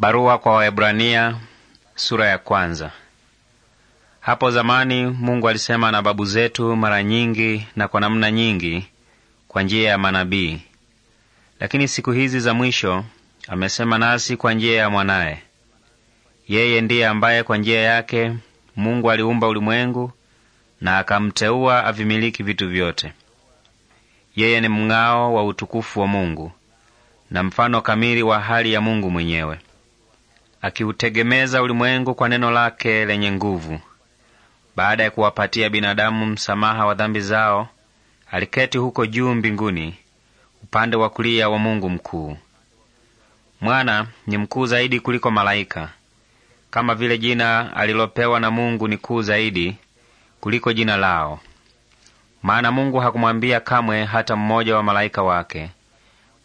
Barua kwa Waebrania sura ya kwanza. Hapo zamani Mungu alisema na babu zetu mara nyingi na kwa namna nyingi kwa njia ya manabii, lakini siku hizi za mwisho amesema nasi kwa njia ya mwanaye. Yeye ndiye ambaye kwa njia yake Mungu aliumba ulimwengu na akamteua avimiliki vitu vyote. Yeye ni mng'ao wa utukufu wa Mungu na mfano kamili wa hali ya Mungu mwenyewe akiutegemeza ulimwengu kwa neno lake lenye nguvu. Baada ya kuwapatia binadamu msamaha wa dhambi zao, aliketi huko juu mbinguni, upande wa kulia wa Mungu mkuu. Mwana ni mkuu zaidi kuliko malaika, kama vile jina alilopewa na Mungu ni kuu zaidi kuliko jina lao. Maana Mungu hakumwambia kamwe hata mmoja wa malaika wake,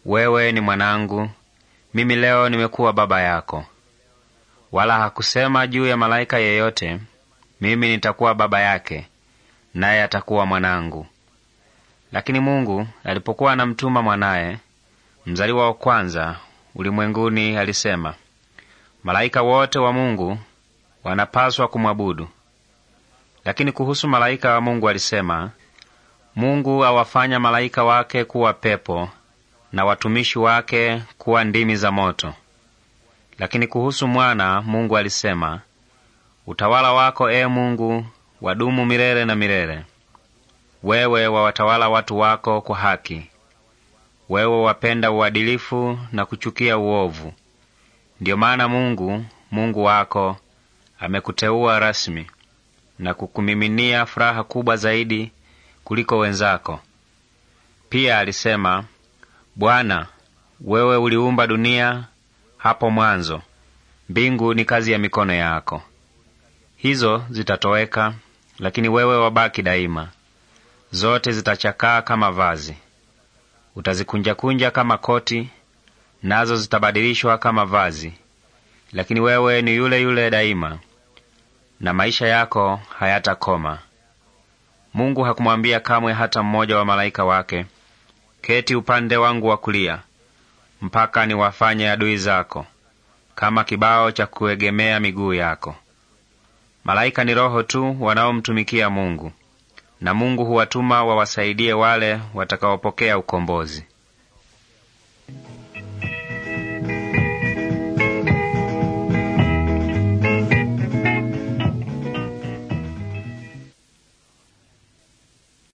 wewe ni mwanangu, mimi leo nimekuwa baba yako wala hakusema juu ya malaika yeyote, mimi nitakuwa baba yake naye atakuwa mwanangu. Lakini Mungu alipokuwa anamtuma mwanaye mzaliwa wa kwanza ulimwenguni, alisema, malaika wote wa Mungu wanapaswa kumwabudu. Lakini kuhusu malaika wa Mungu alisema, Mungu awafanya malaika wake kuwa pepo na watumishi wake kuwa ndimi za moto. Lakini kuhusu mwana Mungu alisema, utawala wako, ee Mungu, wadumu milele na milele. Wewe wawatawala watu wako kwa haki, wewe wapenda uadilifu na kuchukia uovu. Ndiyo maana Mungu Mungu wako amekuteua rasmi na kukumiminia furaha kubwa zaidi kuliko wenzako. Pia alisema, Bwana, wewe uliumba dunia hapo mwanzo, mbingu ni kazi ya mikono yako. Hizo zitatoweka, lakini wewe wabaki daima. Zote zitachakaa kama vazi, utazikunjakunja kama koti, nazo zitabadilishwa kama vazi, lakini wewe ni yule yule daima, na maisha yako hayatakoma. Mungu hakumwambia kamwe hata mmoja wa malaika wake, keti upande wangu wa kulia mpaka niwafanye adui zako kama kibao cha kuegemea miguu yako. Malaika ni roho tu wanaomtumikia Mungu, na Mungu huwatuma wawasaidie wale watakaopokea ukombozi.